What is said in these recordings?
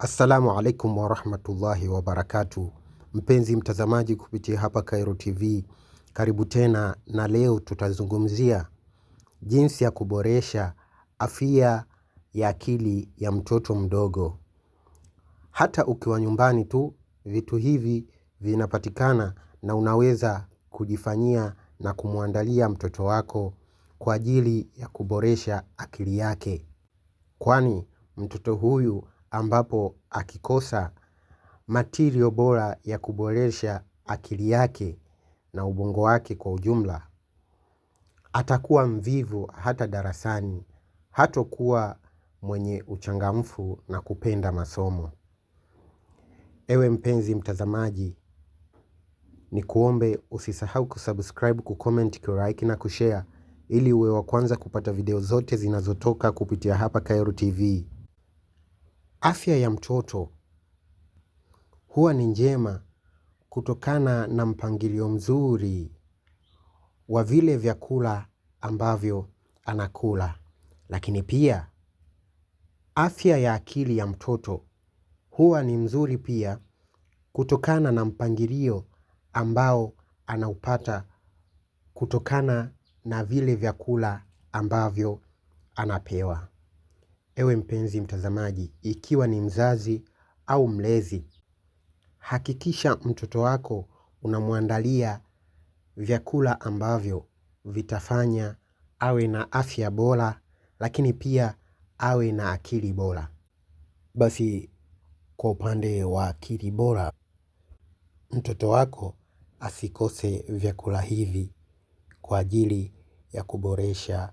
Assalamu alaikum warahmatullahi wabarakatu, mpenzi mtazamaji kupitia hapa Khairo TV, karibu tena, na leo tutazungumzia jinsi ya kuboresha afya ya akili ya mtoto mdogo. Hata ukiwa nyumbani tu, vitu hivi vinapatikana na unaweza kujifanyia na kumwandalia mtoto wako kwa ajili ya kuboresha akili yake, kwani mtoto huyu ambapo akikosa matirio bora ya kuboresha akili yake na ubongo wake kwa ujumla atakuwa mvivu hata darasani hatokuwa mwenye uchangamfu na kupenda masomo. Ewe mpenzi mtazamaji ni kuombe usisahau kusubscribe, kucomment, kulike na kushare ili uwe wa kwanza kupata video zote zinazotoka kupitia hapa Khairo TV. Afya ya mtoto huwa ni njema kutokana na mpangilio mzuri wa vile vyakula ambavyo anakula. Lakini pia afya ya akili ya mtoto huwa ni mzuri pia kutokana na mpangilio ambao anaupata kutokana na vile vyakula ambavyo anapewa. Ewe mpenzi mtazamaji, ikiwa ni mzazi au mlezi, hakikisha mtoto wako unamwandalia vyakula ambavyo vitafanya awe na afya bora, lakini pia awe na akili bora. Basi kwa upande wa akili bora, mtoto wako asikose vyakula hivi kwa ajili ya kuboresha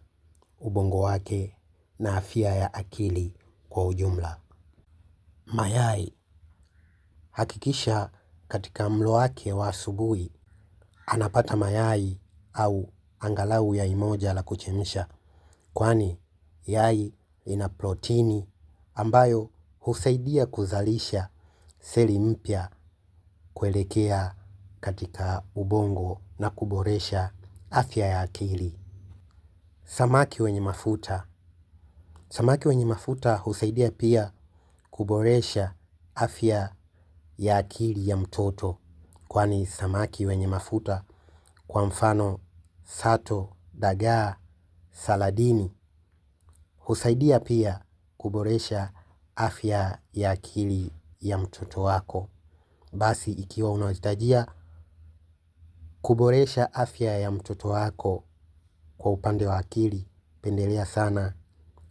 ubongo wake na afya ya akili kwa ujumla. Mayai, hakikisha katika mlo wake wa asubuhi anapata mayai au angalau yai moja la kuchemsha. Kwani yai ina protini ambayo husaidia kuzalisha seli mpya kuelekea katika ubongo na kuboresha afya ya akili. Samaki wenye mafuta Samaki wenye mafuta husaidia pia kuboresha afya ya akili ya mtoto kwani samaki wenye mafuta kwa mfano sato, dagaa, saladini husaidia pia kuboresha afya ya akili ya mtoto wako. Basi ikiwa unahitajia kuboresha afya ya mtoto wako kwa upande wa akili pendelea sana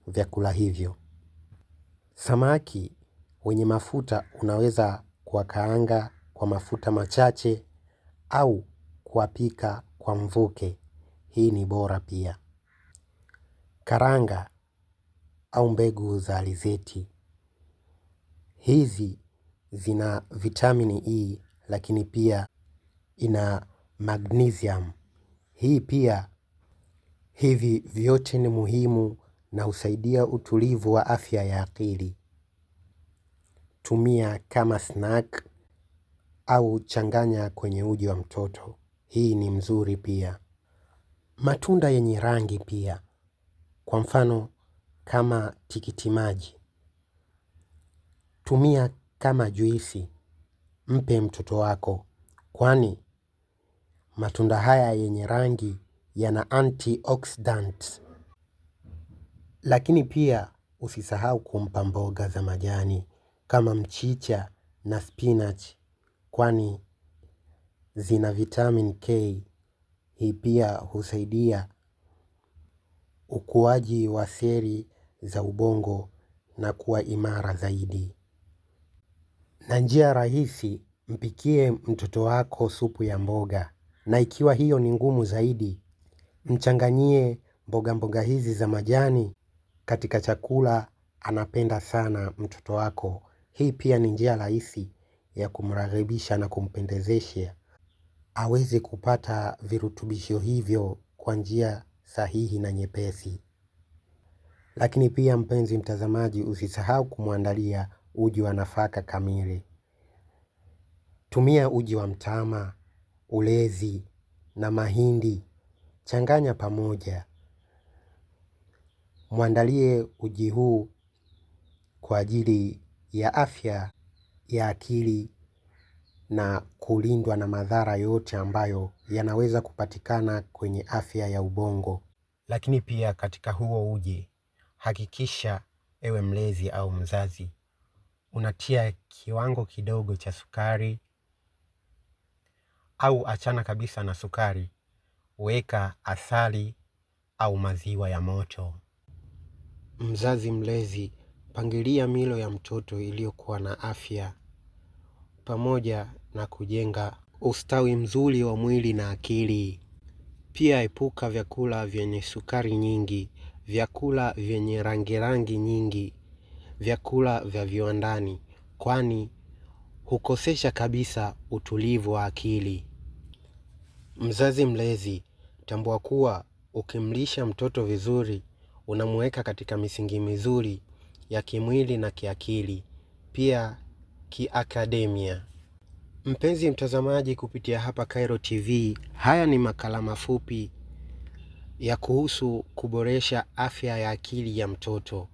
vyakula hivyo. Samaki wenye mafuta unaweza kuwakaanga kwa mafuta machache au kuwapika kwa mvuke. Hii ni bora pia. Karanga au mbegu za alizeti. Hizi zina vitamini E lakini pia ina magnesium. Hii pia hivi vyote ni muhimu na husaidia utulivu wa afya ya akili. Tumia kama snack au changanya kwenye uji wa mtoto. Hii ni mzuri pia. Matunda yenye rangi pia. Kwa mfano kama tikiti maji. Tumia kama juisi. Mpe mtoto wako. Kwani matunda haya yenye rangi yana antioxidants lakini pia usisahau kumpa mboga za majani kama mchicha na spinach kwani zina vitamin K hii pia husaidia ukuaji wa seli za ubongo na kuwa imara zaidi. Na njia rahisi mpikie mtoto wako supu ya mboga na ikiwa hiyo ni ngumu zaidi mchanganyie mboga mboga hizi za majani katika chakula anapenda sana mtoto wako. Hii pia ni njia rahisi ya kumraghibisha na kumpendezesha. Aweze kupata virutubisho hivyo kwa njia sahihi na nyepesi. Lakini pia mpenzi mtazamaji usisahau kumwandalia uji wa nafaka kamili. Tumia uji wa mtama, ulezi na mahindi. Changanya pamoja mwandalie uji huu kwa ajili ya afya ya akili na kulindwa na madhara yote ambayo yanaweza kupatikana kwenye afya ya ubongo. Lakini pia katika huo uji hakikisha ewe mlezi au mzazi unatia kiwango kidogo cha sukari au achana kabisa na sukari, weka asali au maziwa ya moto. Mzazi mlezi, pangilia milo ya mtoto iliyokuwa na afya pamoja na kujenga ustawi mzuri wa mwili na akili. Pia epuka vyakula vyenye sukari nyingi, vyakula vyenye rangi rangi nyingi, vyakula vya viwandani kwani hukosesha kabisa utulivu wa akili. Mzazi mlezi, tambua kuwa ukimlisha mtoto vizuri unamweka katika misingi mizuri ya kimwili na kiakili, pia kiakademia. Mpenzi mtazamaji, kupitia hapa Khairo TV, haya ni makala mafupi ya kuhusu kuboresha afya ya akili ya mtoto.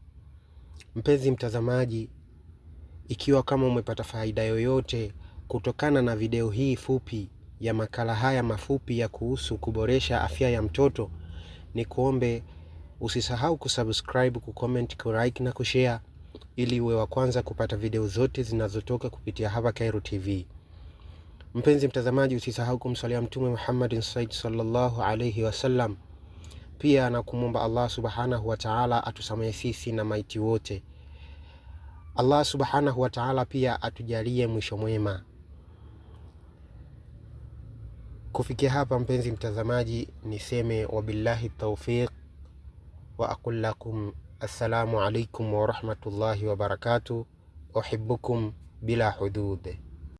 Mpenzi mtazamaji, ikiwa kama umepata faida yoyote kutokana na video hii fupi ya makala haya mafupi ya kuhusu kuboresha afya ya mtoto, ni kuombe Usisahau kusubscribe, kucomment, kulike na kushare ili uwe wa kwanza kupata video zote zinazotoka kupitia hapa Khairo TV. Mpenzi mtazamaji, usisahau kumswalia Mtume Muhammad Said sallallahu alayhi wasallam pia na kumwomba Allah subhanahu wa taala atusamehe sisi na maiti wote. Allah subhanahu wa taala pia atujalie mwisho mwema. Kufikia hapa mpenzi mtazamaji, niseme wabillahi tawfiq wa aqul lakum assalamu alaikum warahmatullahi wabarakatuh uhibbukum bila hudud.